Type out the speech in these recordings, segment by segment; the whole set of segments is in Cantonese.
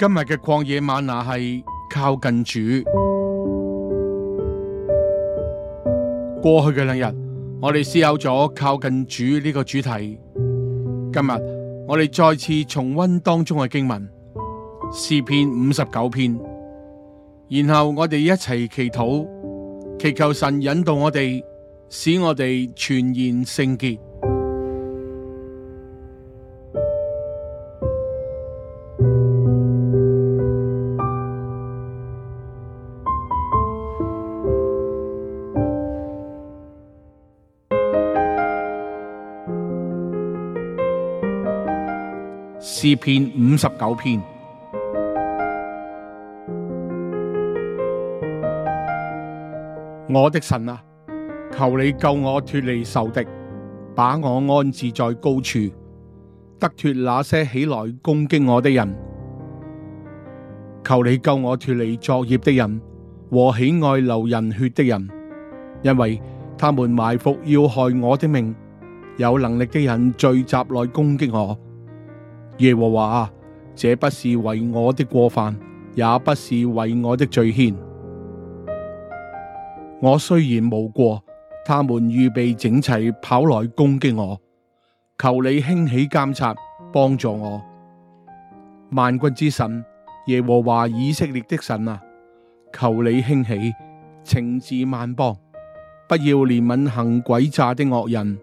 今日嘅曠野嗎哪係靠近主。過去嘅兩日，我哋思考咗靠近主呢個主題今。今日我哋再次重溫當中嘅經文，詩篇五十九篇，然後我哋一齊祈禱，祈求神引導我哋，使我哋全然聖潔。詩篇五十九篇。我的神啊，求你救我脫離仇敵，把我安置在高處，得脫那些起來攻擊我的人。求你救我脫離作孽的人和喜愛流人血的人，因為他們埋伏要害我的命。有能力嘅人聚集來攻擊我。耶和華啊，這不是為我的過犯，也不是為我的罪愆。我雖然無過，他們預備整齊跑來攻擊我。求你興起監察，幫助我。萬軍之神耶和華，以色列的神啊，求你興起，懲治萬邦，不要憐憫行詭詐的惡人。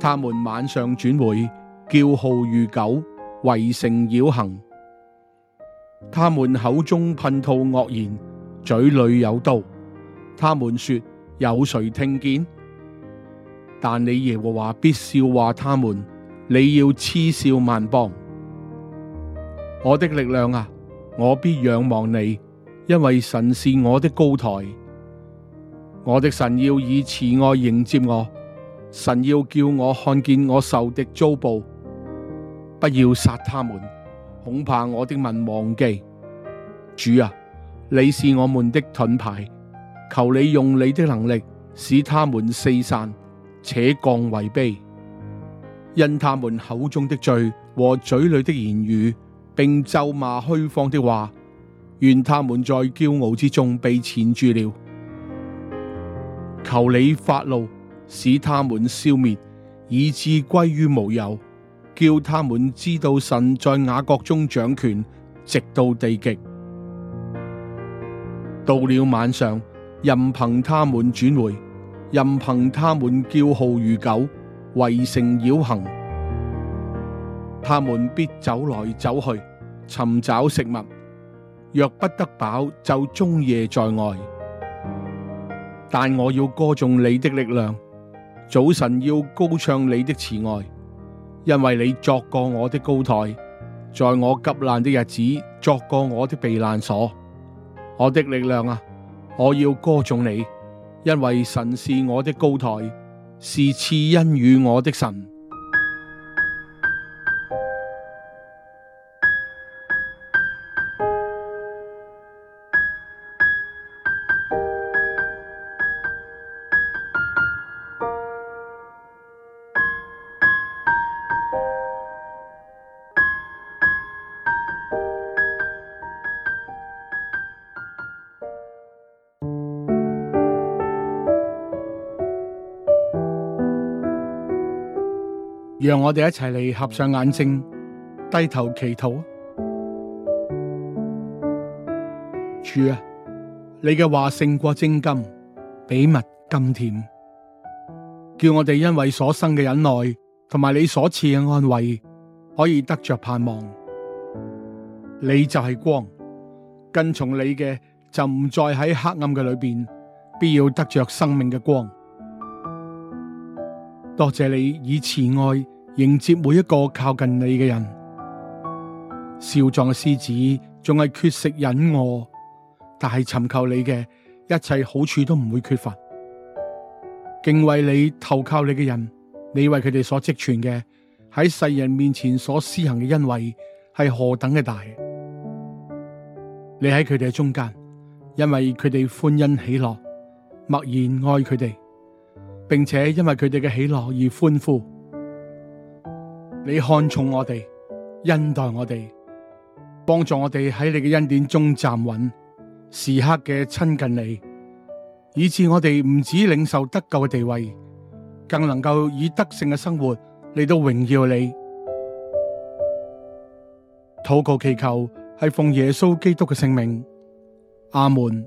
他們晚上轉回，叫號如狗，圍城繞行。他們口中噴吐惡言，嘴裏有刀。他們說：有誰聽見？但你耶和華必笑話他們，你要嗤笑萬邦。我的力量啊，我必仰望你，因為神是我的高臺。我的神要以慈愛迎接我。神要叫我看見我仇敵遭報，不要殺他們，恐怕我的民忘記。主啊，你是我們的盾牌，求你用你的能力使他們四散，且降為卑，因他們口中的罪和嘴裏的言語，並咒罵虛放的話，願他們在驕傲之中被纏住了。求你發怒。使他們消滅，以致歸於無有；叫他們知道神在雅各中掌權，直到地極。到了晚上，任憑他們轉回，任憑他們叫號如狗，圍城繞行。他們必走來走去，尋找食物。若不得飽，就終夜在外。但我要歌頌你的力量。早晨要高唱你的慈愛，因為你作過我的高台，在我急難的日子作過我的避難所。我的力量啊，我要歌頌你，因為神是我的高台，是賜恩與我的神。讓我哋一齊嚟合上眼睛，低頭祈禱。主啊，你嘅話勝過精金，比蜜甘甜，叫我哋因為所生嘅忍耐，同埋你所賜嘅安慰，可以得着盼望。你就係光，跟從你嘅就唔再喺黑暗嘅裏邊，必要得着生命嘅光。多謝你以慈愛迎接每一個靠近你嘅人。少壯嘅獅子仲係缺食忍餓，但係尋求你嘅一切好處都唔會缺乏。敬畏你、投靠你嘅人，你為佢哋所積存嘅喺世人面前所施行嘅恩惠係何等嘅大！你喺佢哋嘅中間，因為佢哋歡欣喜樂，默然愛佢哋，並且因為佢哋嘅喜樂而歡呼，你看重我哋，恩待我哋，幫助我哋喺你嘅恩典中站穩，時刻嘅親近你，以致我哋唔止領受得救嘅地位，更能夠以得勝嘅生活嚟到榮耀你。禱告祈求係奉耶穌基督嘅聖名，阿門。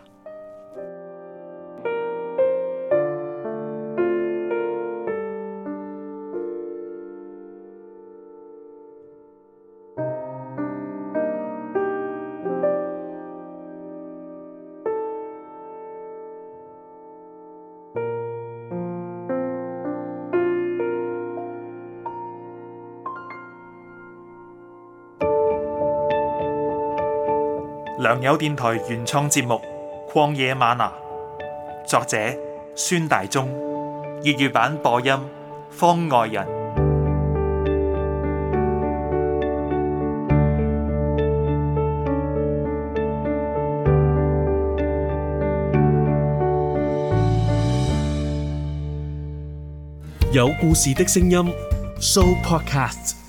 良友電台原創節目《曠野嗎哪》，作者孫大中，粵語版播音方外人。有故事的聲音，Show Podcast。